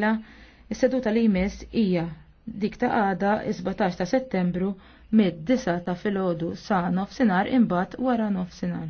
La, is-seduta li jmiss hija dik ta' għada 17 ta' settembru mid-9 ta' filgħodu sa' nofsinhar imbagħad wara nofsinhar.